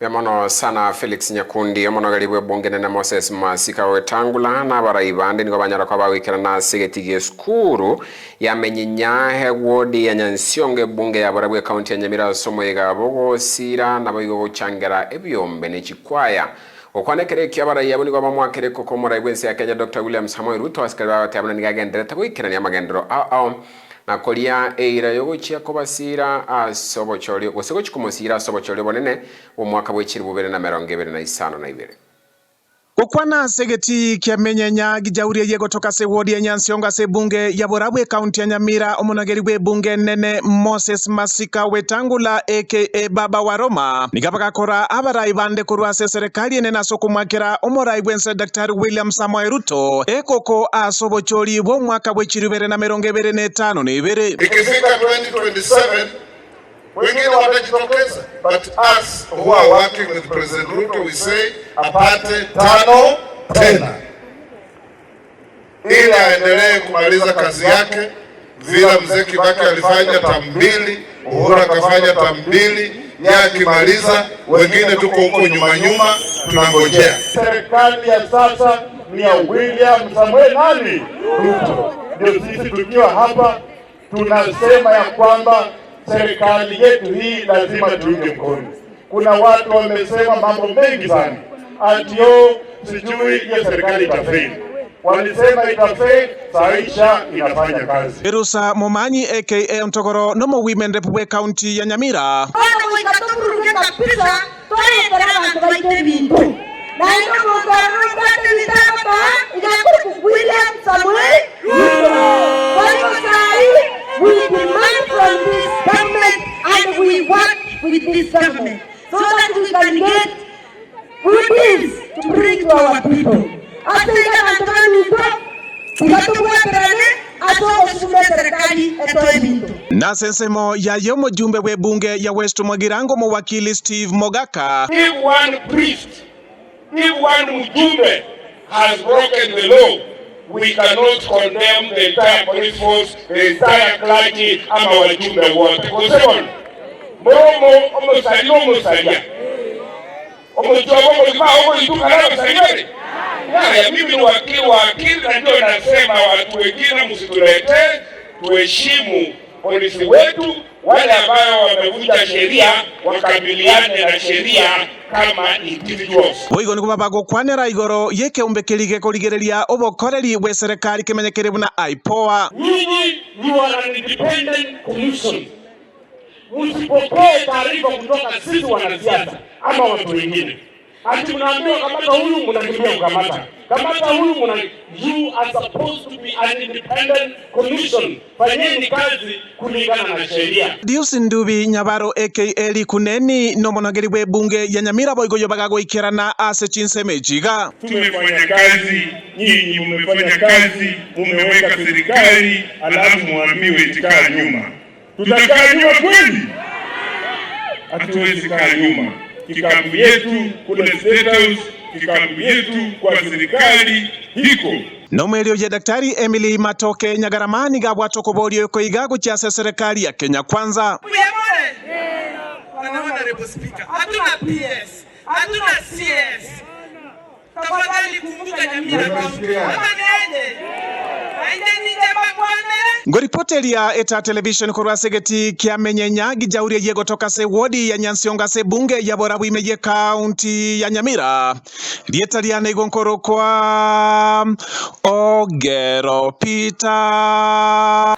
vemono sana felix nyakundi omono garibu ebonge na moses masika wetangula na barai bande nigo banyara kwa bagwikira na sigetigie skuru yamenyinyahe wodi ya nyansionge bunge ya barabwe county ya nyamira somo ega bogosira nabo igo gucangera ebyombe nechikwaya okwanekera ekio abarai abo nigo bamwakire koko omorai bwensi ya kenya dr william samuel ruto asikari babatiabona nigagenderete gwikerania amagendero ao nakoria eira yogochia kobasira asobochori ah, gose gochikumusira asobochori bonene omwaka bwechiri bubere na merongo ibere na isano na ibere gukwana segeti kiamenyenya gijauririe gotoka sewodi ya nyansionga sebunge ya borabwe kaunti ya nyamira omonogeri bwe bunge nene moses masika wetangula aka baba wa roma nigapagakora abarai bande kurwase serikali enene asokumwakira omorai bwense daktari william samuel ruto ekoko ase obochori bwa omwaka bwechiri na mirongo ibere na etano ibere ikifika 2027 wengine watajitokeza, but us who are working with President Ruto we say apate tano tena, ili aendelee kumaliza kazi yake vile mzee Kibaki alifanya tamu mbili, Uhuru akafanya tamu mbili, akimaliza, wengine tuko huko nyuma nyuma, tunangojea. Serikali ya sasa ni ya William Samuel nani Ruto. Ndio sisi tukiwa hapa tunasema ya kwamba serikali yetu hii lazima tuunge mkono. Kuna watu wamesema mambo mengi sana, atio sijui hiyo serikali itafeli walisema itafeli, saisha inafanya kazi. Mirusa Momanyi aka Ntogoro nomo women we county ya Nyamira that we work with this government so that we can get good to bring to our people. Afrika anatoa mito tukatoboa perane na sensemo yayo mujumbe we bunge ya West Mwagirango muwakili Steve Mogaka if one priest if one mjumbe has broken the law we cannot condemn the entire police force the entire clergy ama wajumbe wote kwa sababu momo omosalya omosalya omochiwa momolima omolituka nalosalyae haya. Mimi ni wakili wa akili, na ndio nasema watu wengine msituletee, tuheshimu polisi wetu, wale wamevunja sheria wakabiliane na sheria igoro yikeumbikirie gekurigiriria ubokoreri bwe serikali kimenyekire buna IPOA nyinyi ni wana independent commission msipokee taarifa kutoka sisi wanasiasa ama watu wengine, ati mnaambiwa kamata huyu, mnakimbia kukamata, kamata huyu mna... you are supposed to be an independent commission, fanyeni kazi kulingana Ndubi Nyabaro aka Likuneni nomonogeri we bunge ya Nyamira yobaga bagagwikirana ase chinseme jiga, tumefanya kazi, nyinyi mmefanya kazi, mmeweka serikali, alafu mwambiwe tikaa nyuma Tutakaa nyuma kweli? Hatuwezi kaa nyuma. Kikapu yetu kule State House, kikapu yetu kwa serikali hiko no mwĩrĩũrie daktari Emily Matoke Nyagaramani gagwatwo kũbũũrio kũiga cha serikali ya Kenya kwanza Ngo ripoteria eta television korwa segeti kia menyenya gijaurie yego toka se wodi ya nyansionga se bunge ya bora wime ye county ya nyamira. Rieta ria nego nkoro kwa ogero pita.